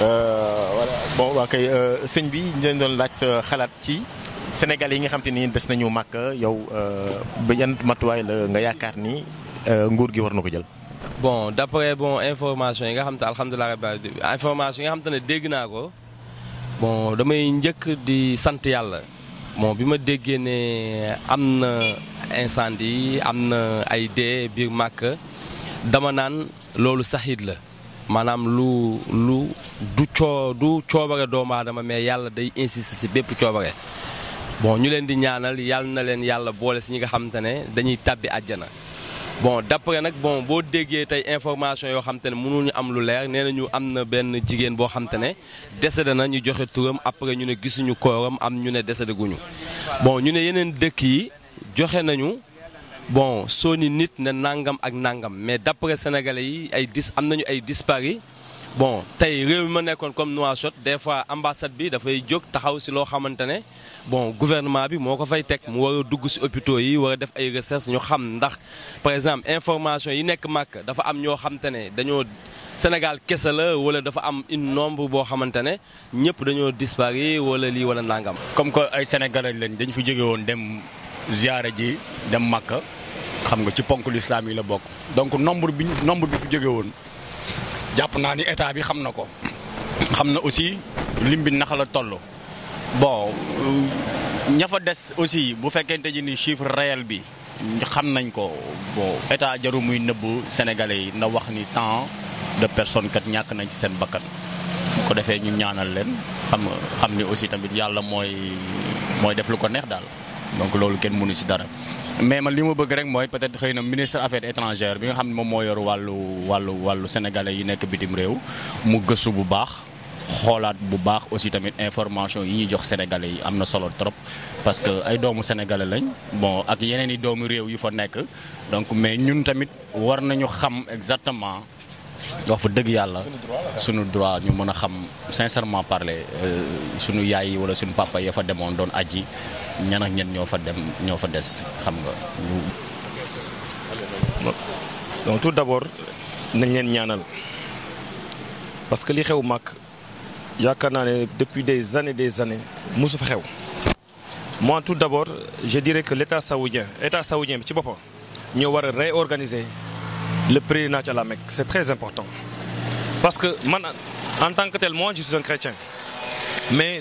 Euh, voilà bon waa kay euh, sëñ bi ñu doon laaj sa xalaat ci Sénégal yi nga xam te ni des nañu màkk yow euh, ba yan matuwaay la nga yaakaar ni nguur gi war na ko jël. bon d'après bon information yi nga xam te alhamdulilah rabbil information yi nga xam te ne dégg naa ko bon damay njëkk di sant yàlla bon bi ma déggee ne am na incendie am na ay dee biir màkk dama naan loolu saxiit la. maanaam lu lu du coo du coobare doomu aadama mais yàlla day insiste si bépp coobare bon ñu leen di ñaanal yàlla na leen yàlla boole si ñi nga xamante ne dañuy tàbbi àjjana bon d'après nag bon boo déggee tey information yoo xamante ne mënuñu am lu leer nee na ñu am na benn jigéen boo xamante ne décédé na ñu joxe turam après ñu ne gisuñu kooram am ñu ne décédé guñu bon ñu ne yeneen dëkk yi joxe nañu. bon soo ni nit na nangam ak nangam mais d'après sénégalais yi ay dis am nañu ay disparis bon tey réew mi ma nekkoon comme Nouakchott des fois ambassade bi dafay jóg taxaw si loo xamante ne bon gouvernement bi moo ko fay teg mu war dugg si hôpitaux yi war a def ay recherche ñu xam ndax par exemple information yi nekk màkk dafa am ñoo xamante ne dañoo Sénégal kese la wala dafa am une nombre boo xamante ne ñëpp dañoo dispari wala lii wala nangam. comme que ay sénégalais lañ dañ fi jóge woon dem ziyaara ji dem màkk xam nga ci ponk lislaam yi la bokk donc nombre bi nombre bi fi jóge woon jàpp naa ni état bi xam na ko xam na aussi lim bi naka la toll bon euh, ña fa des aussi bu fekkente ji ni chiffre réel bi xam nañ ko bon état jaru muy nëbb sénégalais yi na wax ni temps de personnes kat ñàkk nañ ci seen bakkan ko defee ñu ñaanal leen xam xam ni aussi tamit yàlla mooy mooy def lu ko neex daal donc loolu kenn mënu si dara mais man li ma bëgg rek mooy peut-être xëy na ministre affaires étrangères bi nga xam ne moom moo yor wàllu wàllu wàllu yi nekk bitim réew mu gëstu bu baax xoolaat bu baax aussi tamit information yi ñuy jox sénégalais yi am na solo trop parce que ay doomu sénégalais lañ bon ak yeneen i doomu réew yu fa nekk donc mais ñun tamit war nañu xam exactement wax fa dëgg yàlla suñu droit ñu mën a xam sincèrement parler euh, suñu yaay yi wala sunu papa ya fa demoon doon aji ñan ak ñen ñoo fa dem ñoo fa des xam nga ñu. donc tout d'abord nañ leen ñaanal parce que li xew mag yaakaar naa ne depuis des années des années mosu fa xew. moi tout d'abord je dirais que l'état saoudien état saoudien bi ci boppa ñoo war a le pèlerinage à la Mecque c'est très important parce que man en tant que tel moi je suis un chrétien mais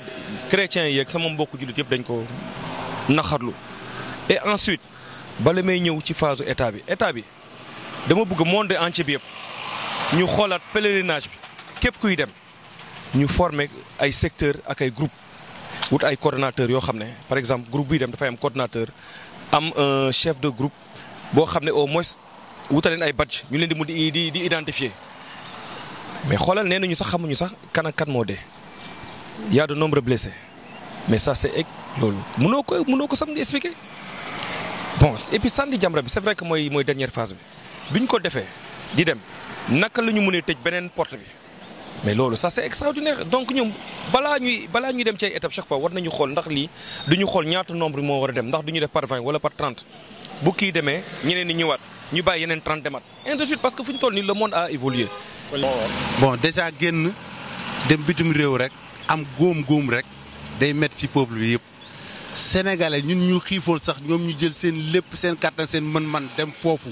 chrétien yeeg sama mbokku jullit yëpp dañ ko naxarlu et ensuite bala may ñëw ci phase état bi état bi dama bëgg monde entier bi yëpp ñu xoolaat pèlerinage bi képp kuy dem ñu former ay secteur ak ay groupe wut ay coordonnateur yoo xam ne par exemple groupe buy dem dafay am coordonnateur am un chef de group boo xam ne au moins wutaleen ay badge ñu leen di mu di di identifier mais xoolal nee nañu sax xamuñu sax kanakat moo dee y nombre de nombreux blessés mais sa c'est egg loolu mënoo ko mënoo ko sax nga expliquer bon et puis sànni Jamra bi c'est vrai que mooy mooy dernière phase bi bi ñu ko defee di dem naka la ñu mënee tëj beneen porte bi mais loolu ça c'est extraordinaire donc ñoom balaa ñuy balaa ñuy dem ci ay étape chaque fois war nañu xool ndax lii ñu xool ñaata nombre moo war a dem ndax def par wala par trente bu kii demee ñeneen ñi ñëwaat. ñu bàyyi yeneen 30 demat et de suite parce que fu ñu toll nii le monde a évolué. bon déjà génn dem bitim réew rek am góom-góom rek day métti ci peuple bi yëpp sénégalais ñun ñu xiifool sax ñoom ñu jël seen lépp seen kàttan seen mën man dem foofu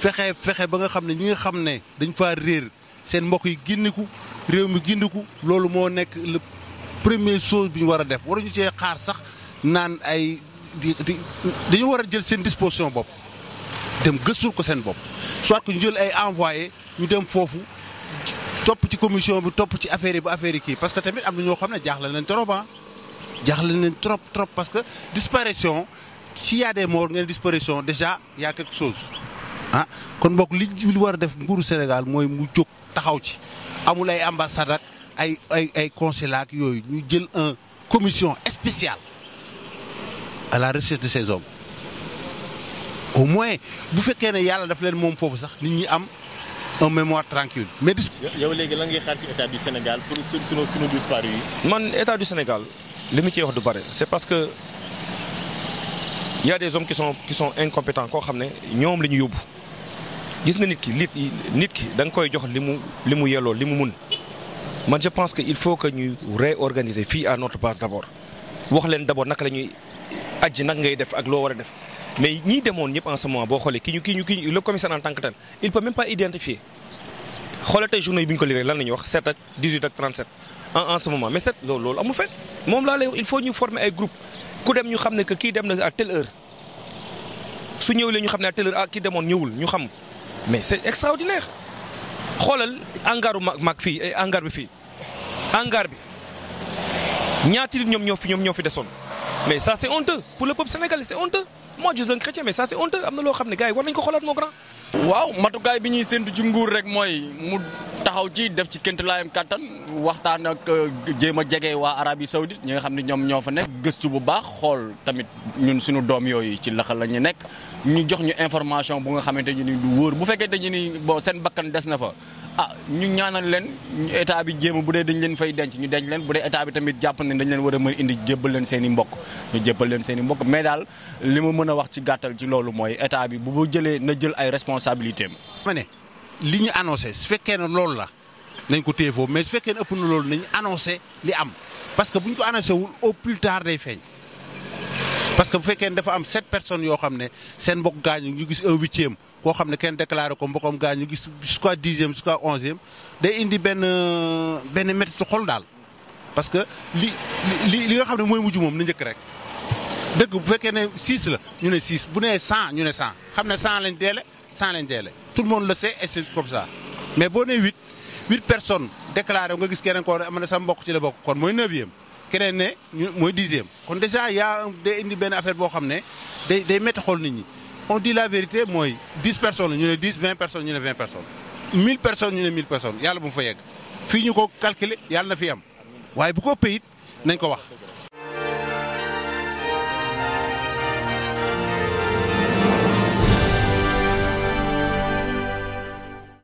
fexe fexe ba nga xam ne ñi nga xam ne dañu fa réer seen mbokk yi gindiku réew mi gindiku loolu moo nekk le premier chose bi ñu war a def war ñu see xaar sax naan ay di dañu war a jël seen disposition bopp. dem gëstul ko seen bopp soit que ñu jël ay envoyé ñu dem foofu topp ci commission bi topp ci affaire yi ba affaire kii parce que tamit am na ñoo xam ne jaaxle nañ trop ah. trop parce que disparition s'il y a des ngeen disparition déjà y a quelque ah kon mbokk li li war a def mburu Sénégal mooy mu jóg taxaw ci amul ay ambassade ak ay ay ay consulat ak yooyu ñu jël un commission spéciale la recherche de au moins bu fekkee ne yàlla daf leen moom foofu sax nit ñi am un mémoire tranquille mais. yow léegi la ngay xaar ci état du Sénégal pour sunu sunu disparu yi. man état du Sénégal li mu ciy wax du bare c'est parce que il y a des hommes qui sont qui koo xam ne ñoom la ñu yóbbu gis nga nit ki li nit ki da koy jox li mu li mu yelloo li mu mun man je pense que il faut que ñu réorganiser fii à not base d'abord wax leen d'abord naka la ñuy ajji naka ngay def ak loo war a def. mais ñii demoon ñëpp en ce moment boo xoolee ki ñu ki ñu ki le commissaire en tant que il peut même pas identifier xoolal tey journée bi ñu ko liggéey lan la wax 7 ak 18 ak 37 en en ce moment mais 7 loolu loolu amul fenn moom laa lay il faut ñu former ay groupe ku dem ñu xam ne que kii dem na à telle heure su ñëwee ñu xam ne à telle heure ah kii demoon ñëwul ñu xam mais c'est extraordinaire xoolal engrais mag mag fii engrais eh, bi fii engrais bi ñaati nit ñoom ñoo fi ñoom ñoo fi desoon mais ça c'est moo je suis un chrétien mais ça am na loo xam ne gars yi war nañu ko xoolaat moo grand. waaw matukaay bi ñuy séntu ci nguur rek mooy mu taxaw ci def ci kéent laayam kattan waxtaan ak euh, jéem a jege waa Arabie Saoudite ñi nga xam ne ñoom ñoo fa nekk gëstu bu baax xool tamit ñun suñu doom yooyu ci laxa la ñu nekk ñu jox ñu information bu nga xamante ñu ni du wóor bu fekkee dañu ni bon seen bakkan des na fa. ah ñu ñaanal leen ñu état bi jéem bu dee dañ leen fay denc ñu denc leen bu dee état bi tamit jàpp ne dañ leen war a mën indi jébbal leen seeni i mbokk ñu jébbal leen seen mbokk mais daal li ma mën a wax ci gàttal ci loolu mooy état bi bu jëlee na jël ay responsabilité ma ne li ñu annoncé su fekkee ne loolu la nañ ko téye foofu mais su fekkee ne ëpp na loolu nañ annoncé li am parce que bu ñu ko annoncé wul au plus tard day feeñ. parce que bu fekkee ne dafa am sept personnes yoo xam ne seen mbokk gaañu ñu gis un huitième koo xam ne kenn déclaré ko mbokkam gaañu gis jusqu'à dixième jusqu'à day indi benn benn méttitu xol daal. parce que li li li nga xam ne mooy mujj moom na njëkk rek dëgg bu fekkee ne six la ñu ne six bu nee cent ñu ne cent xam ne cent lañ deele cent lañ deele tout le monde le sait et c'est comme mais boo nee huit huit personnes déclaré nga gis keneen mbokk ci la bokk kon mooy neuvième. keneen ne mooy dixième kon déjà yaa day indi benn affaire boo xam ne day day métti xool nit ñi on dit la vérité mooy dix personnes ñu ne dix vingt personnes ñu ne vingt personnes mille personnes ñu ne mille personnes bu mu fa yegg fii ñu ko calculer yàlla na fi am waaye bu ko nañ ko wax.